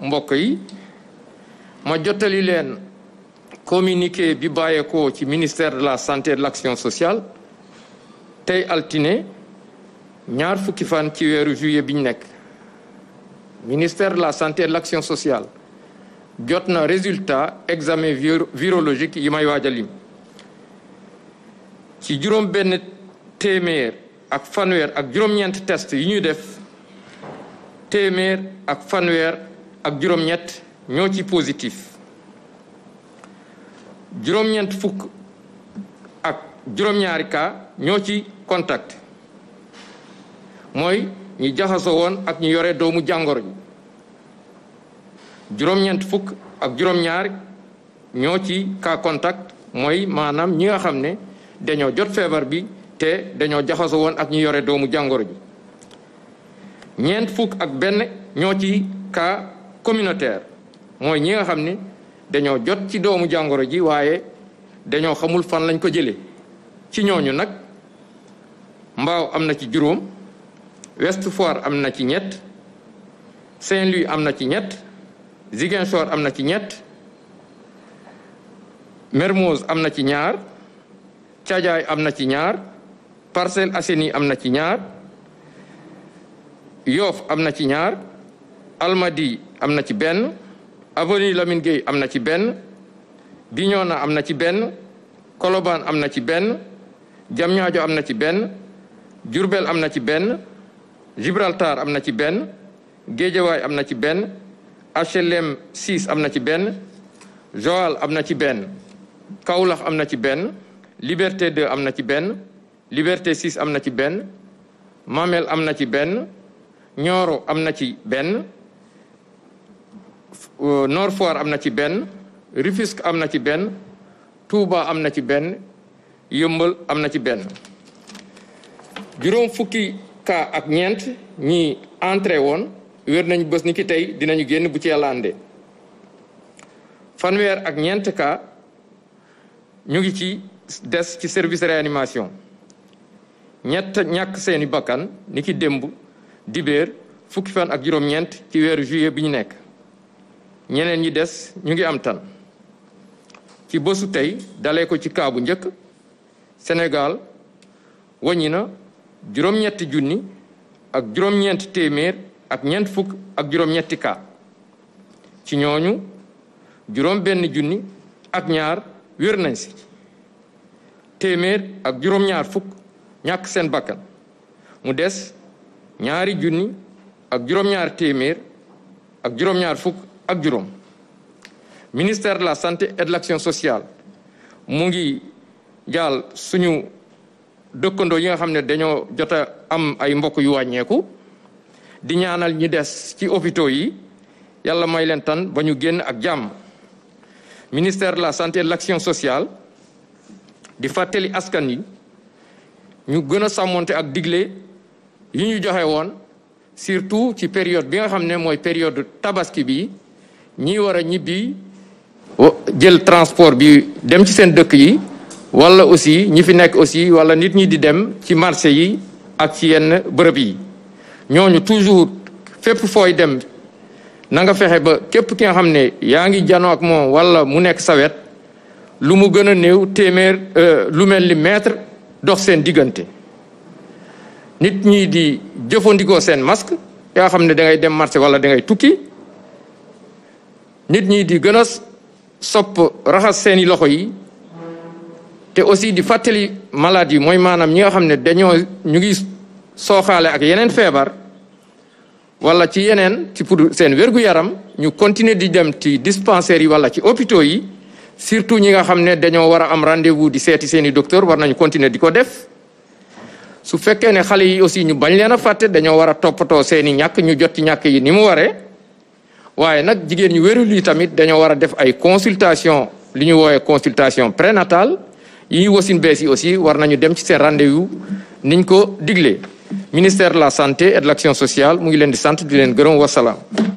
mbokk yi ma jottali leen communiqué bi bàyyeekoo ci ministère de la santé et de l'action sociale tey altine ñaar fukki fan ci weeru juillet biñ nekk ministère de la santé et de l'action sociale jot na résultat examen virologique yi may waaj a ci juróom benn téeméer ak fanweer ak juróom-ñeent test yi ñuy def téeméer ak fanweer ak juróom-ñett ñoo ci positif juróom-ñeent fukk ak juróom-ñaari cas ñoo ci contact mooy ñi jaxasoo woon ak ñu yore doomu jàngoro ji juróom-ñeent fukk ak juróom-ñaar ñoo ci cas contact mooy maanaam ñi nga xam ne dañoo jot feebar bi te dañoo jaxasoo woon ak ñu yore doomu jàngoro ji ñeent fukk ak benn ñoo ci cas communautaire mooy ñi nga xam ni dañoo jot ci doomu jàngoro ji waaye dañoo xamul fan lañ ko jële ci ñooñu nag mbaaw am na ci juróom Ouest am na ci ñett Saint-Louis am na ci ñett Ziguinchor am na ci ñett Mermoz am na ci ñaar Thiadiaye am na ci ñaar Parcelles Assainies am na ci ñaar Yoff am na ci ñaar Almadi am na ci benn Avenue Lamine am na ci benn Bignona am na ci benn Colobane am na ci benn Diamniadio am na ci benn Diourbel am na ci benn Gibraltar am na ci benn Guédiawaye am na ci benn HLM 6 am na ci benn Joal am na ci benn Kaolack am na ci benn Liberté 2 am na ci benn Liberté 6 am na ci benn Mamel am na ci benn Nioro am na ci benn Euh, Nord am na ci benn Rufisque am na ci benn Touba am na ci benn Yëmbal am na ci benn juróom fukki cas ak ñeent ñi entré woon wér nañu bés ni ki tey dinañu génn bu ci yàlla àndee fanweer ak ñeent kaa ñu ngi ci des ci service réanimation ñett ñàkk seeni bakkan ni ki démb dibéer fukki fan ak juróom-ñeent ci weer juillet bi ñu nekk ñeneen ñi des ñu ngi am tan ci bësu tey dale ko ci kaabu njëkk senegal waññi na juróom-ñetti junni ak juróom ak ñeent fukk ñetti kaa ci ñooñu juróom benn junni ak ñaar wér nañ si téeméer ak juróom-ñaar fukk ñàkk seen bakkan mu des ñaari junni ak juróom-ñaar téeméer ak juróom-ñaar fukk ak juróom ministère de la santé et de l'action sociale mu ngi jaal suñu dëkkandoo yi nga xam ne dañoo jot a am ay mbokk yu wàññeeku di ñaanal ñi des ci hôpitaux yi yàlla may leen tan ba ñu génn ak jàmm ministère de la santé et de l'action sociale di fàttali askan yi ñu gën a sàmmonte ak digle yi ñu joxe woon surtout ci période bi nga xam ne mooy période tabaski bi ñi war a ñibbi jël transport bi dem ci seen dëkk yi walla aussi ñi fi nekk aussi wala nit ñi di dem ci marché yi ak ci yenn bërëb yi ñooñu toujours fépp fooy dem nanga fexe ba képp ki nga xam ne yaa ngi janoo ak moom wala mu nekk sawet lu mu gën a néew téeméer euh, lu mel ni mètre dox seen diggante nit ñi di jëfandikoo seen masque yaa xam ne da ngay dem marché wala da ngay tukki nit ñi di gën a sopp raxas seeni loxo yi te aussi di fàttali malade yi mooy maanaam ñi nga xam ne dañoo ñu ngi sooxaale ak yeneen feebar wala ci yeneen ci pour seen wérgu yaram ñu continuer di dem ci dispensaires yi wala ci hôpitaux yi surtout ñi nga xam ne dañoo war a am rendez-vous di seeti seeni docteur war nañu continuer di ko def su fekkee ne xale yi aussi ñu bañ leen a fàtte dañoo war a toppatoo seeni ñàkk ñu jot ci ñàkk yi ni mu waree waaye nag jigéen ñu wérul yi tamit dañoo war a def ay consultation li ñu woowee consultation prénatale yi ñu wasin yi aussi war nañu dem ci seen rendez-vous niñ ko diglee ministère de la santé et de l'action sociale mu ngi leen di sant di leen gërëm wasalaam